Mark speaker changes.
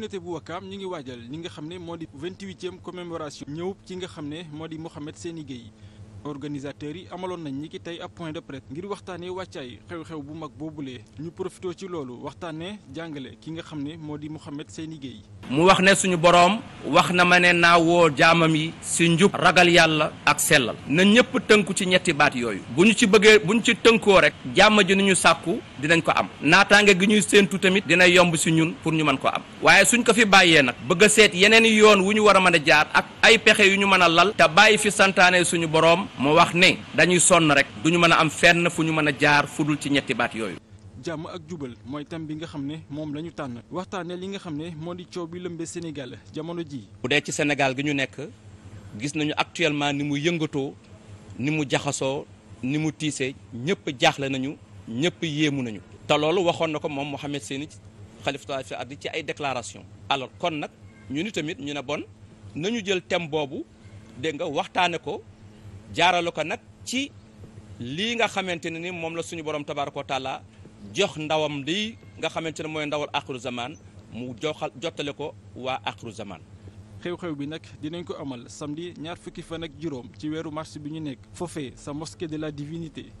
Speaker 1: communauté bu Wakaam ñu ngi waajal li nga xam ne moo di vingt-huitième commémoration ñëw ci nga xam ne moo di Mouhamed Seyni Gueye organisateur yi amaloon nañ ñi ki tey ab point de presse ngir waxtaanee wàccaay xew-xew bu mag boobulee ñu profité ci loolu waxtaanee jàngale ki nga xam ne moo di Mouhamed Seyni Gueye
Speaker 2: mu wax ne suñu boroom wax na ma ne naawoo jaamam yi si njub ragal yàlla ak sellal na ñëpp tënku ci ñetti baat yooyu bu ñu ci bëggee bu ñu ci tënkoo rek jàmm ji nu ñu sàkku dinañ ko am naataange gi ñuy séentu tamit dina yomb si ñun pour ñu mën ko am waaye suñ ko fi bàyyee nag bëgg a seet yeneen yoon wu ñu war a mën a jaar ak ay pexe yu ñu mën a lal te bàyyi fi santaane suñu boroom mu wax ne dañuy sonn rek du ñu mën a am fenn fu ñu mën a jaar fu ci ñetti baat yooyu
Speaker 1: jàmm ak jubal mooy thème bi nga xam ne moom la ñu tànn waxtaanee li nga xam ne moo di coow bi lëmbee Sénégal jamono ji
Speaker 2: bu dee ci Sénégal gi ñu nekk gis nañu actuellement ni mu yëngatoo ni mu jaxasoo ni mu tiisee ñëpp jaaxle nañu ñëpp yéemu nañu. te loolu waxoon na ko moom Mouhamed Seyni xalifa fi ardi ci ay déclaration alors kon nag ñu ni tamit ñu ne bon nañu jël thème boobu dégg nga waxtaane ko jaarale ko nag ci lii nga xamante ne ni moom la suñu borom tabaaraka taala jox ndawam di nga xamante ne mooy ndawal axiru zaman mu joxal
Speaker 1: jottale ko waa axiru zaman xew-xew bi nag dinañ ko amal samedi ñaar fukki fan ak juróom ci weeru mars bi ñu nekk foofee sa mosque de la divinité